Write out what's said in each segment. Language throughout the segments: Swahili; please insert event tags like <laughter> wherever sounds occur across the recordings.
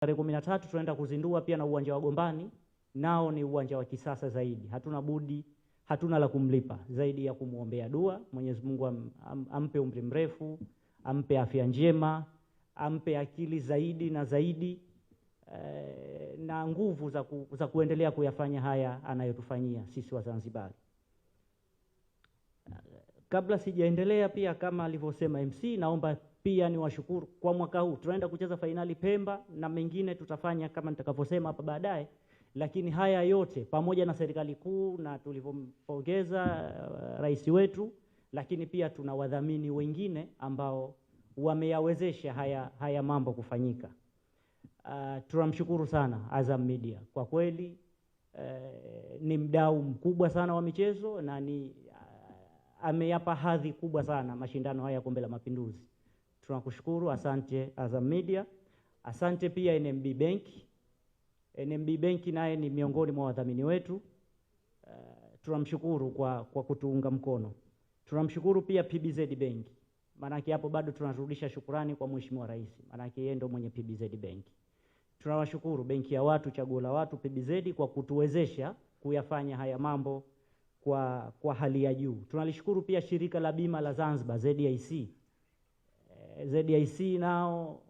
Tarehe 13 tunaenda kuzindua pia na uwanja wa Gombani, nao ni uwanja wa kisasa zaidi. Hatuna budi, hatuna la kumlipa zaidi ya kumwombea dua Mwenyezi Mungu am, am, ampe umri mrefu, ampe afya njema, ampe akili zaidi na zaidi eh, na nguvu za, ku, za kuendelea kuyafanya haya anayotufanyia sisi Wazanzibari. Kabla sijaendelea, pia kama alivyosema MC, naomba pia ni washukuru kwa mwaka huu tunaenda kucheza fainali Pemba, na mengine tutafanya kama nitakavyosema hapa baadaye. Lakini haya yote pamoja na serikali kuu na tulivyompongeza uh, rais wetu, lakini pia tuna wadhamini wengine ambao wameyawezesha haya, haya mambo kufanyika. Uh, tunamshukuru sana Azam Media kwa kweli. Uh, ni mdau mkubwa sana wa michezo na ni uh, ameyapa hadhi kubwa sana mashindano haya ya Kombe la Mapinduzi tunakushukuru, asante Azam Media, asante pia NMB Bank. NMB Bank naye ni miongoni mwa wadhamini wetu. Uh, tunamshukuru kwa, kwa kutuunga mkono. Tunamshukuru pia PBZ Bank, maanake hapo bado tunarudisha shukurani kwa Mheshimiwa Rais, maanake yeye ndo mwenye PBZ Bank. Tunawashukuru benki ya watu, chaguo la watu, PBZ kwa kutuwezesha kuyafanya haya mambo kwa, kwa hali ya juu. Tunalishukuru pia shirika la bima la Zanzibar ZIC ZIC nao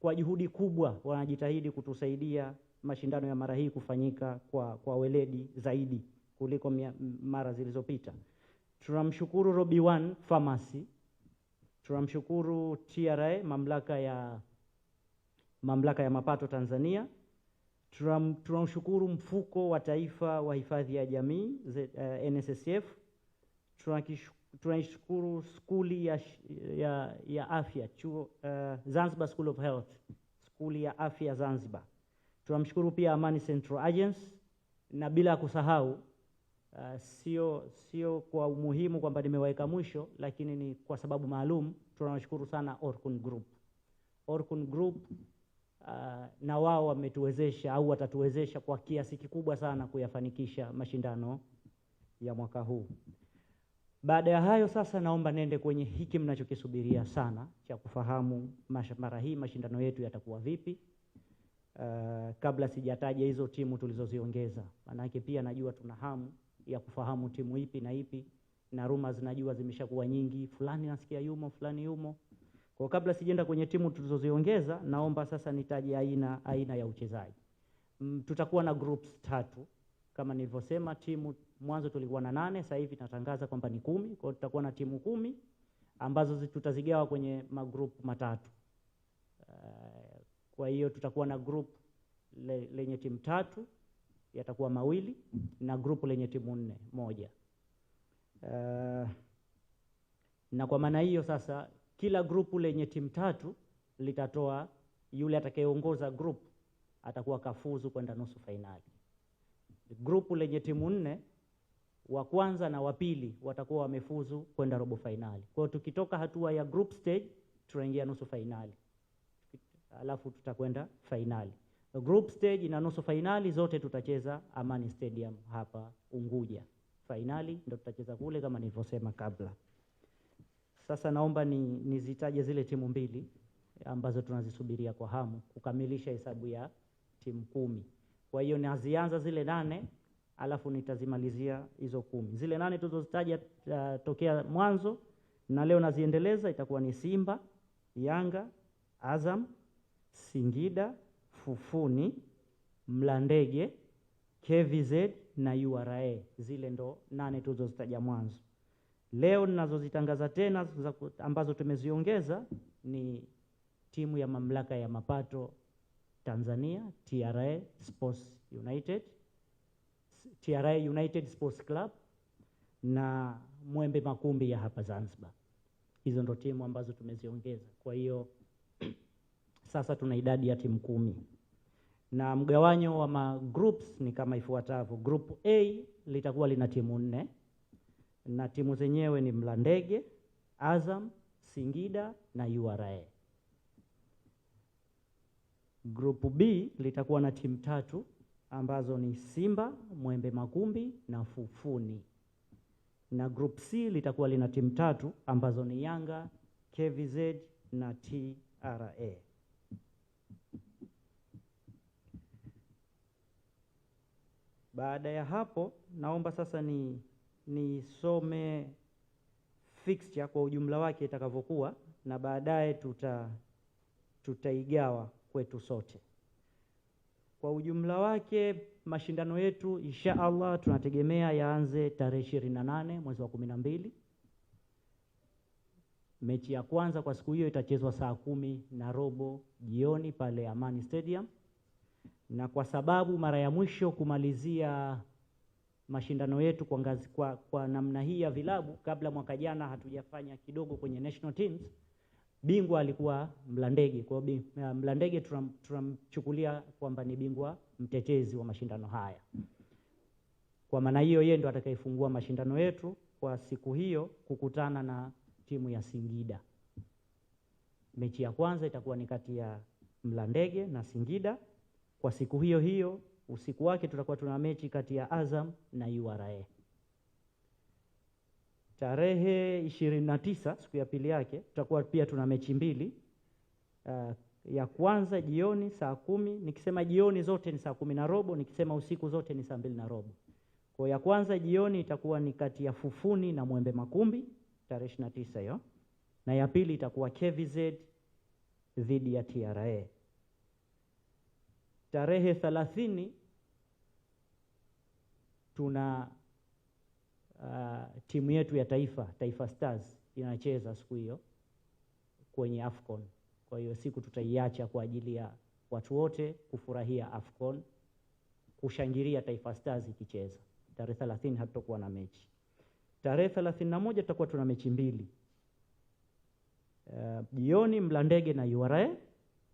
kwa juhudi kubwa wanajitahidi kutusaidia mashindano ya mara hii kufanyika kwa, kwa weledi zaidi kuliko mia, mara zilizopita. Tunamshukuru Robi One Pharmacy, tunamshukuru TRA mamlaka ya mamlaka ya mapato Tanzania, tunamshukuru mfuko wa taifa wa hifadhi ya jamii eh, NSSF, tunakishukuru tunaishukuru skuli ya, ya, ya afya chuo, uh, Zanzibar School of Health, skuli ya afya Zanzibar. Tunamshukuru pia Amani Central Agency na bila kusahau uh, sio sio kwa umuhimu kwamba nimeweka mwisho, lakini ni kwa sababu maalum tunawashukuru sana Orkun Group. Orkun Group uh, na wao wametuwezesha au watatuwezesha kwa kiasi kikubwa sana kuyafanikisha mashindano ya mwaka huu. Baada ya hayo sasa, naomba nende kwenye hiki mnachokisubiria sana cha kufahamu mara hii mashindano yetu yatakuwa vipi. Uh, kabla sijataja hizo timu tulizoziongeza, maanake pia najua tuna hamu ya kufahamu timu ipi na ipi, na rumors najua zimeshakuwa nyingi, fulani nasikia yumo, fulani yumo. Kwa kabla sijaenda kwenye timu tulizoziongeza, naomba sasa nitaje aina aina ya uchezaji. Mm, tutakuwa na groups tatu kama nilivyosema, timu mwanzo tulikuwa na nane, sasa hivi tunatangaza kwamba ni kumi. Kwa hiyo tutakuwa na timu kumi ambazo tutazigawa kwenye magrupu matatu. Eh, kwa hiyo tutakuwa na grupu le, lenye timu tatu yatakuwa mawili na grupu lenye timu nne moja. Eh, na kwa maana hiyo sasa kila grupu lenye timu tatu litatoa yule atakayeongoza grupu atakuwa kafuzu kwenda nusu fainali. Grupu lenye timu nne wa kwanza na wa pili watakuwa wamefuzu kwenda robo fainali. Kwa hiyo tukitoka hatua ya group stage tunaingia nusu fainali, alafu tutakwenda fainali. Group stage na nusu fainali zote tutacheza Amani Stadium hapa Unguja. Fainali ndo tutacheza kule kama nilivyosema kabla. Sasa naomba ni, nizitaje zile timu mbili ambazo tunazisubiria kwa hamu kukamilisha hesabu ya timu kumi. Kwa hiyo nazianza zile nane alafu nitazimalizia hizo kumi. Zile nane tulizozitaja uh, tokea mwanzo na leo naziendeleza, itakuwa ni Simba, Yanga, Azam, Singida, Fufuni, Mlandege, KVZ na URA. Zile ndo nane tulizozitaja mwanzo. Leo ninazozitangaza tena ambazo tumeziongeza ni timu ya mamlaka ya mapato Tanzania TRA Sports United TRA United Sports Club na Mwembe Makumbi ya hapa Zanzibar. Hizo ndo timu ambazo tumeziongeza. Kwa hiyo <clears throat> sasa tuna idadi ya timu kumi na mgawanyo wa ma groups ni kama ifuatavyo. Group A litakuwa lina timu nne na timu zenyewe ni Mlandege, Azam, Singida na URA. Group B litakuwa na timu tatu ambazo ni Simba, Mwembe Makumbi na Fufuni, na group C litakuwa lina timu tatu ambazo ni Yanga, KVZ na TRA. Baada ya hapo, naomba sasa ni nisome fixture kwa ujumla wake itakavyokuwa, na baadaye tuta tutaigawa kwetu sote. Kwa ujumla wake mashindano yetu insha Allah tunategemea yaanze tarehe ishirini na nane mwezi wa kumi na mbili. Mechi ya kwanza kwa siku hiyo itachezwa saa kumi na robo jioni pale Amani Stadium, na kwa sababu mara ya mwisho kumalizia mashindano yetu kwa ngazi, kwa, kwa namna hii ya vilabu kabla mwaka jana hatujafanya kidogo kwenye national teams bingwa alikuwa Mlandege. Kwa hiyo eh, Mlandege tunamchukulia kwamba ni bingwa mtetezi wa mashindano haya. Kwa maana hiyo, yeye ndo atakayefungua mashindano yetu kwa siku hiyo, kukutana na timu ya Singida. Mechi ya kwanza itakuwa ni kati ya Mlandege na Singida kwa siku hiyo hiyo. Usiku wake tutakuwa tuna mechi kati ya Azam na URA. Tarehe ishirini na tisa siku ya pili yake tutakuwa pia tuna mechi mbili. Uh, ya kwanza jioni saa kumi, nikisema jioni zote ni saa kumi na robo, nikisema usiku zote ni saa mbili na robo. Kwa ya kwanza jioni itakuwa ni kati ya Fufuni na Mwembe Makumbi tarehe 29 hiyo, na ya pili itakuwa KVZ dhidi ya TRA tarehe 30 tuna uh, timu yetu ya taifa Taifa Stars inacheza siku hiyo kwenye Afcon. Kwa hiyo siku tutaiacha kwa ajili ya watu wote kufurahia Afcon, kushangilia Taifa Stars ikicheza. Tarehe 30 hatutakuwa na mechi. Tarehe 31 tutakuwa tuna mechi mbili uh, jioni, uh, Mlandege na URA,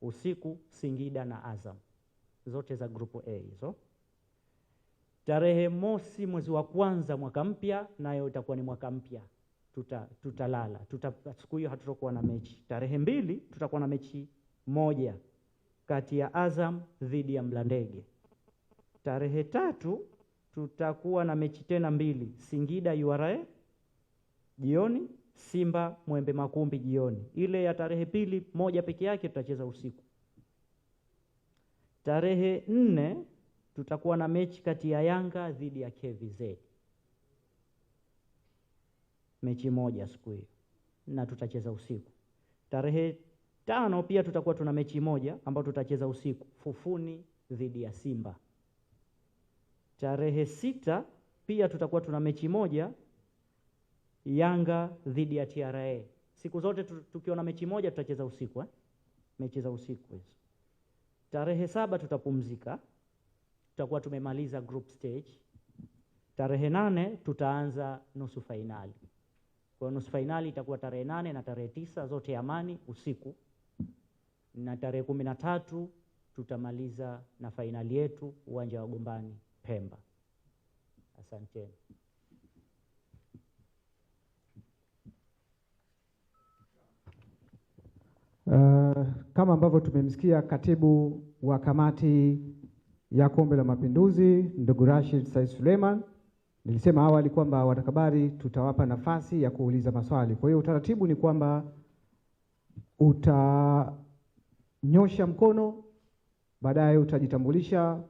usiku Singida na Azam, zote za grupu A hizo. so. Tarehe mosi mwezi wa kwanza mwaka mpya, nayo itakuwa ni mwaka mpya, tuta tutalala tuta, siku hiyo hatutakuwa na mechi. Tarehe mbili tutakuwa na mechi moja kati ya Azam dhidi ya Mlandege. Tarehe tatu tutakuwa na mechi tena mbili, Singida URA jioni, Simba Mwembe Makumbi jioni. Ile ya tarehe pili moja peke yake tutacheza usiku. Tarehe nne tutakuwa na mechi kati ya Yanga dhidi ya KVZ, mechi moja siku hiyo, na tutacheza usiku. Tarehe tano pia tutakuwa tuna mechi moja ambayo tutacheza usiku, Fufuni dhidi ya Simba. Tarehe sita pia tutakuwa tuna mechi moja Yanga dhidi ya TRA. Siku zote tukiwa na mechi moja tutacheza usiku eh? Mechi za usiku hizo. Tarehe saba tutapumzika tutakuwa tumemaliza group stage. Tarehe nane tutaanza nusu fainali. Kwa nusu fainali itakuwa tarehe nane na tarehe tisa zote Amani usiku, na tarehe kumi na tatu tutamaliza na fainali yetu uwanja wa Gombani Pemba. Asanteni. Uh, kama ambavyo tumemsikia katibu wa kamati ya Kombe la Mapinduzi, ndugu Rashid Said Suleiman. Nilisema awali kwamba watakabari tutawapa nafasi ya kuuliza maswali. Kwa hiyo utaratibu ni kwamba utanyosha mkono, baadaye utajitambulisha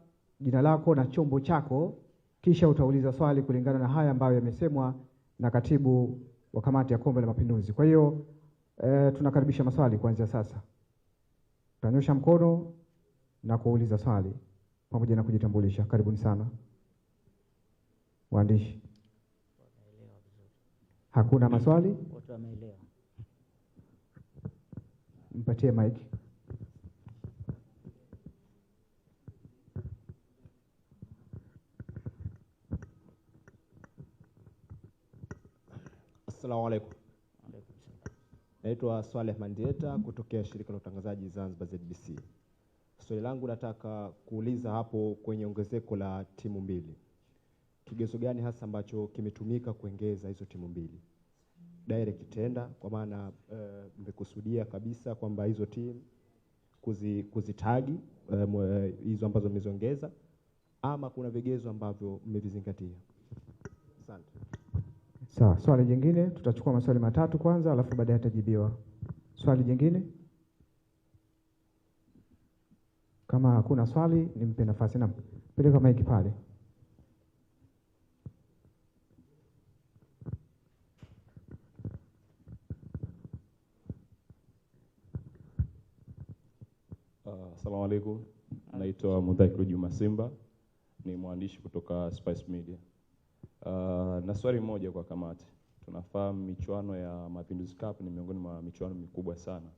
jina lako na chombo chako, kisha utauliza swali kulingana na haya ambayo yamesemwa na katibu wa kamati ya Kombe la Mapinduzi. Kwa hiyo e, tunakaribisha maswali kuanzia sasa. Utanyosha mkono na kuuliza swali pamoja na kujitambulisha. Karibuni sana waandishi. Hakuna maswali? Wote wameelewa. Mpatie mic. Assalamu alaikum. Naitwa Swaleh Mandieta kutokea shirika la utangazaji Zanzibar ZBC. Swali langu nataka kuuliza hapo kwenye ongezeko la timu mbili, kigezo gani hasa ambacho kimetumika kuongeza hizo timu mbili direct tender? Kwa maana eh, mmekusudia uh, kabisa kwamba hizo timu kuzi, kuzitagi eh, hizo um, ambazo mmeziongeza ama kuna vigezo ambavyo mmevizingatia? Asante. Sawa, swali jingine tutachukua maswali matatu kwanza, alafu baadaye atajibiwa swali jingine. Kama hakuna swali nimpe nafasi na peleka maiki pale. Asalamu ah, uh, alaikum. Naitwa Mudhakiru Juma Simba, ni mwandishi kutoka Spice Media. Uh, na swali moja kwa kamati. Tunafahamu michuano ya Mapinduzi Cup ni miongoni mwa michuano mikubwa sana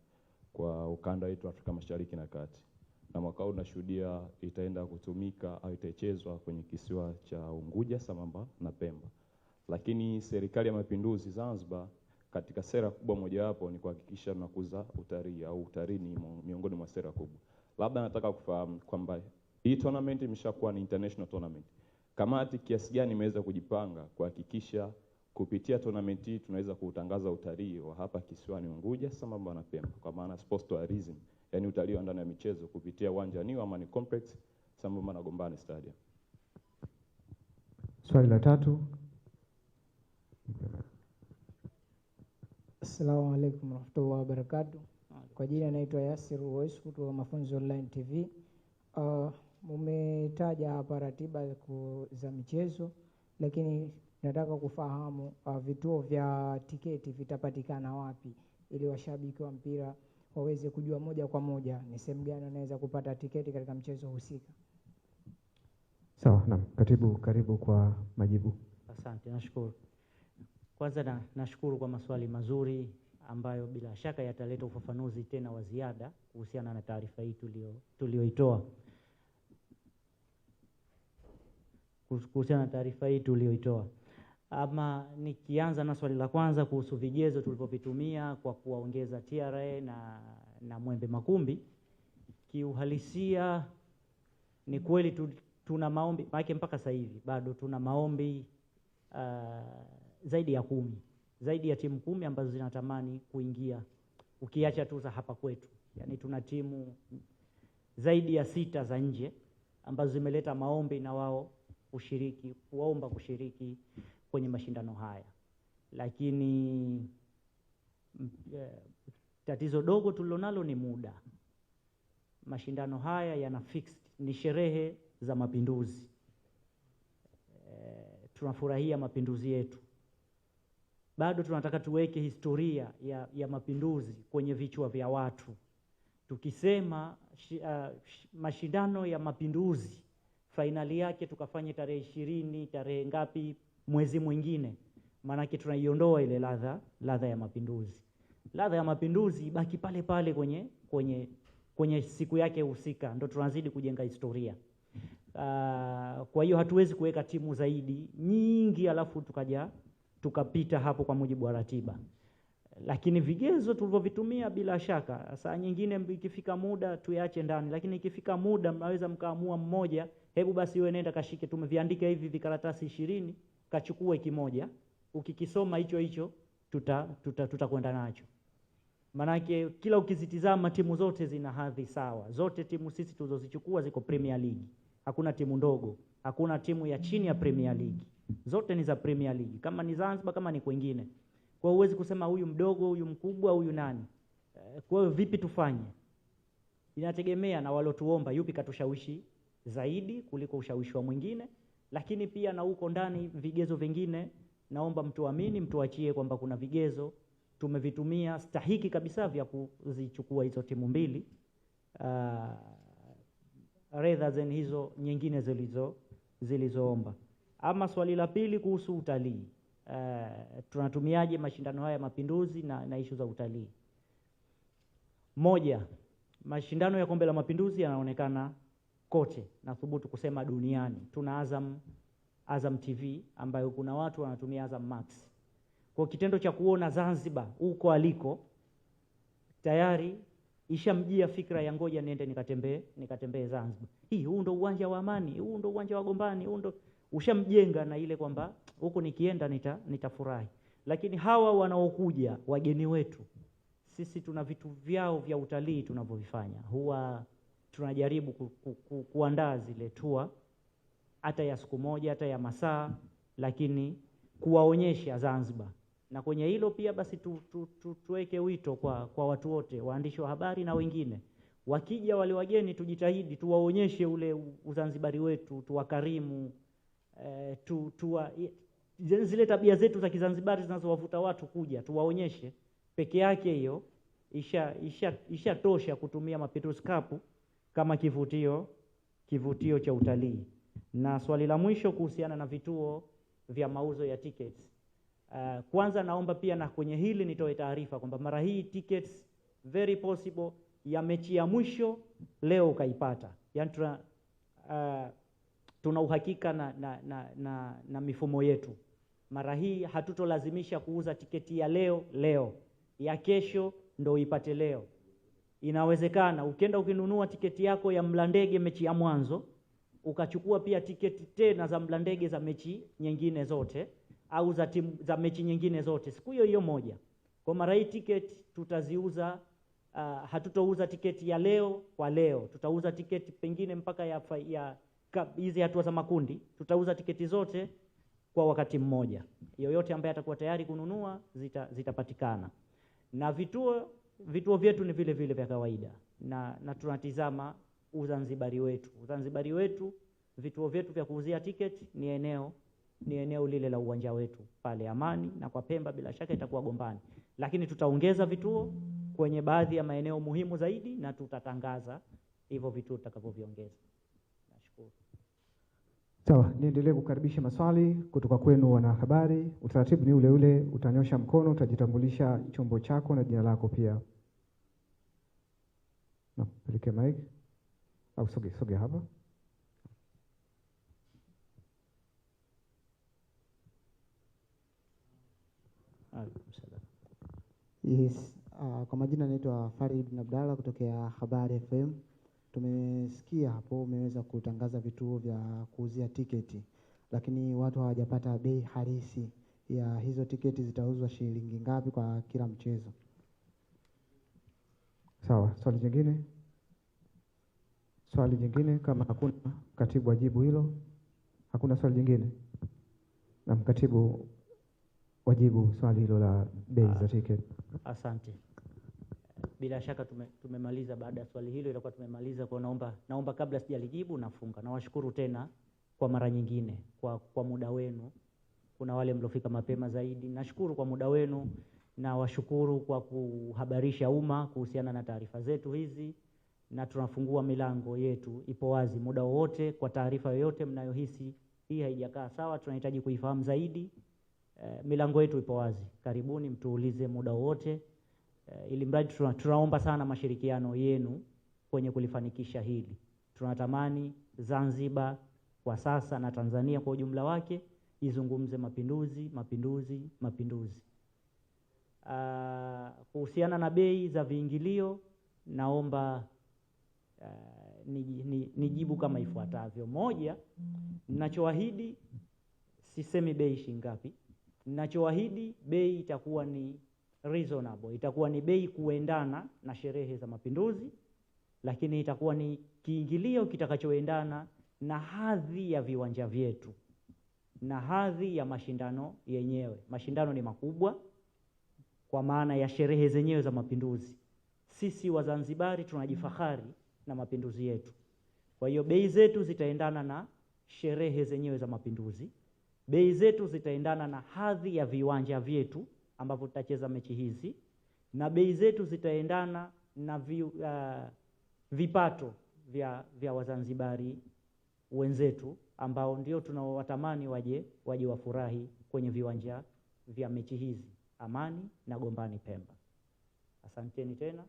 kwa ukanda wetu Afrika Mashariki na Kati na mwaka huu tunashuhudia itaenda kutumika au itachezwa kwenye kisiwa cha Unguja sambamba na Pemba. Lakini Serikali ya Mapinduzi Zanzibar katika sera kubwa mojawapo ni kuhakikisha tunakuza utalii au utalii ni miongoni mwa sera kubwa. Labda nataka kufahamu kwamba hii tournament imeshakuwa ni international tournament. Kamati kiasi gani imeweza kujipanga kuhakikisha kupitia tournament hii tunaweza kuutangaza utalii wa hapa kisiwani Unguja sambamba na Pemba, kwa maana sports tourism yani utalii wa ndani ya michezo kupitia uwanja ni Amani Complex sambamba na Gombani Stadium. Swali la tatu. Assalamu alaikum warahmatullahi wabarakatuh. Kwa jina naitwa Yasir Ois kutoka Mafunzo Online TV. Uh, mumetaja hapa ratiba za michezo, lakini nataka kufahamu uh, vituo vya tiketi vitapatikana wapi ili washabiki wa mpira waweze kujua moja kwa moja ni sehemu gani wanaweza kupata tiketi katika mchezo husika. Sawa, naam. Katibu, karibu kwa majibu. Asante, nashukuru. Kwanza na, nashukuru kwa maswali mazuri ambayo bila shaka yataleta ufafanuzi tena wa ziada kuhusiana na taarifa hii tulioitoa kuhusiana na taarifa hii tuliyoitoa. Ama nikianza na swali la kwanza kuhusu vigezo tulivyovitumia kwa kuwaongeza TRA na, na Mwembe Makumbi, kiuhalisia ni kweli tu, tuna maombi maake, mpaka sasa hivi bado tuna maombi uh, zaidi ya kumi, zaidi ya timu kumi ambazo zinatamani kuingia, ukiacha tu za hapa kwetu, yani tuna timu zaidi ya sita za nje ambazo zimeleta maombi na wao kushiriki kuomba kushiriki kwenye mashindano haya, lakini eh, tatizo dogo tulilonalo ni muda. Mashindano haya yana fixed, ni sherehe za mapinduzi. E, tunafurahia mapinduzi yetu, bado tunataka tuweke historia ya, ya mapinduzi kwenye vichwa vya watu. Tukisema sh, uh, ah, sh, mashindano ya mapinduzi fainali yake tukafanye tarehe ishirini, tarehe ngapi mwezi mwingine, maanake tunaiondoa ile ladha ladha ya mapinduzi. Ladha ya mapinduzi baki pale pale kwenye kwenye kwenye siku yake husika, ndo tunazidi kujenga historia. Uh, kwa hiyo hatuwezi kuweka timu zaidi nyingi alafu tukaja tukapita hapo kwa mujibu wa ratiba, lakini vigezo tulivyovitumia, bila shaka saa nyingine ikifika muda tuyaache ndani, lakini ikifika muda mnaweza mkaamua mmoja, hebu basi wewe nenda kashike, tumeviandika hivi vikaratasi ishirini kachukue kimoja, ukikisoma hicho hicho tutakwenda tuta, tuta nacho, manake kila ukizitizama timu zote zina hadhi sawa. Zote timu sisi tulizozichukua ziko Premier League, hakuna timu ndogo, hakuna timu ya chini ya Premier League, zote ni za Premier League, kama ni Zanzibar, kama ni kwingine. Kwa huwezi kusema huyu mdogo, huyu mkubwa, huyu nani. Eh, kwa hiyo vipi tufanye, inategemea na walotuomba, yupi katushawishi zaidi kuliko ushawishi wa mwingine. Lakini pia na huko ndani vigezo vingine, naomba mtuamini, mtuachie kwamba kuna vigezo tumevitumia stahiki kabisa vya kuzichukua hizo timu mbili uh, ah, rather than hizo nyingine zilizo zilizoomba. Ama swali la pili kuhusu utalii uh, tunatumiaje mashindano haya ya mapinduzi na, na ishu za utalii. Moja, mashindano ya kombe la mapinduzi yanaonekana kote, nathubutu kusema duniani. Tuna Azam, Azam TV ambayo kuna watu wanatumia Azam Max. Kwa kitendo cha kuona Zanzibar huko aliko tayari ishamjia fikra ya ngoja niende nikatembee nikatembee Zanzibar. Hii huu ndo uwanja wa Amani, huu ndo uwanja wa Gombani, huu ndo ushamjenga na ile kwamba huku nikienda nita nitafurahi. Lakini hawa wanaokuja wageni wetu, sisi tuna vitu vyao vya utalii tunavyovifanya huwa tunajaribu ku, ku, ku, kuandaa zile tua hata ya siku moja hata ya masaa, lakini kuwaonyesha Zanzibar. Na kwenye hilo pia basi tu, tu, tu, tuweke wito kwa, kwa watu wote waandishi wa habari na wengine wakija wale wageni, tujitahidi tuwaonyeshe ule uzanzibari wetu, tuwakarimu eh, tu, tuwa, zile tabia zetu za Kizanzibari zinazowavuta watu kuja tuwaonyeshe. Peke yake hiyo isha isha ishatosha kutumia mapetroskapu kama kivutio kivutio cha utalii. Na swali la mwisho kuhusiana na vituo vya mauzo ya tickets. Uh, kwanza naomba pia na kwenye hili nitoe taarifa kwamba mara hii tickets very possible ya mechi ya mwisho leo ukaipata. yani tuna, uh, tuna uhakika na, na, na, na, na mifumo yetu. Mara hii hatutolazimisha kuuza tiketi ya leo leo, ya kesho ndo uipate leo. Inawezekana ukienda ukinunua tiketi yako ya Mlandege mechi ya mwanzo ukachukua pia tiketi tena za Mlandege za mechi nyingine zote au za timu, za mechi nyingine zote siku hiyo hiyo moja. Kwa mara hii tiketi tutaziuza uh, hatutouza tiketi ya leo kwa leo, tutauza tiketi pengine mpaka ya ya hizi hatua za makundi, tutauza tiketi zote kwa wakati mmoja. Yoyote ambaye atakuwa tayari kununua zitapatikana zita na vituo vituo vyetu ni vile vile vya kawaida na, na tunatizama uzanzibari wetu. Uzanzibari wetu, vituo vyetu vya kuuzia tiketi ni eneo ni eneo lile la uwanja wetu pale Amani, na kwa Pemba bila shaka itakuwa Gombani, lakini tutaongeza vituo kwenye baadhi ya maeneo muhimu zaidi na tutatangaza hivyo vituo tutakavyoviongeza. Sawa, niendelee kukaribisha maswali kutoka kwenu wanahabari. Utaratibu ni ule ule, utanyosha mkono, utajitambulisha chombo chako na jina lako pia. Napeleke mic au soge soge hapa. Yes, uh, kwa majina naitwa Farid Abdalla kutokea Habari FM. Tumesikia hapo umeweza kutangaza vituo vya kuuzia tiketi, lakini watu hawajapata bei halisi ya hizo tiketi zitauzwa shilingi ngapi kwa kila mchezo. Sawa, swali jingine, swali jingine. Kama hakuna, katibu ajibu hilo. Hakuna swali jingine, na mkatibu wajibu swali hilo la bei za ah, tiketi. Asante bila shaka tumemaliza. baada ya swali hilo ilikuwa tumemaliza kwa, naomba naomba kabla sijalijibu nafunga. Nawashukuru tena kwa mara nyingine kwa, kwa muda wenu. Kuna wale mliofika mapema zaidi, nashukuru kwa muda wenu. Nawashukuru kwa kuhabarisha umma kuhusiana na taarifa zetu hizi, na tunafungua milango yetu, ipo wazi muda wowote kwa taarifa yoyote mnayohisi hii haijakaa sawa, tunahitaji kuifahamu zaidi. e, milango yetu ipo wazi, karibuni mtuulize muda wowote uh, ili mradi tuna, tunaomba sana mashirikiano yenu kwenye kulifanikisha hili. Tunatamani Zanzibar kwa sasa na Tanzania kwa ujumla wake izungumze mapinduzi, mapinduzi, mapinduzi. Ah, kuhusiana na bei za viingilio naomba uh, eh, nijibu ni, ni kama ifuatavyo. Moja, ninachoahidi sisemi bei shingapi. Ninachoahidi bei itakuwa ni reasonable, itakuwa ni bei kuendana na sherehe za mapinduzi, lakini itakuwa ni kiingilio kitakachoendana na hadhi ya viwanja vyetu na hadhi ya mashindano yenyewe. Mashindano ni makubwa kwa maana ya sherehe zenyewe za mapinduzi. Sisi Wazanzibari tunajifahari na mapinduzi yetu, kwa hiyo bei zetu zitaendana na sherehe zenyewe za mapinduzi. Bei zetu zitaendana na hadhi ya viwanja vyetu ambapo tutacheza mechi hizi na bei zetu zitaendana na vi, uh, vipato vya, vya Wazanzibari wenzetu ambao ndio tunaowatamani waje waje wafurahi kwenye viwanja vya mechi hizi Amani na Gombani Pemba. Asanteni tena,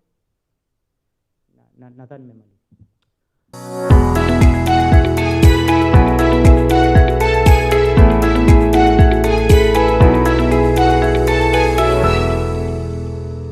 nadhani na, na nimemaliza.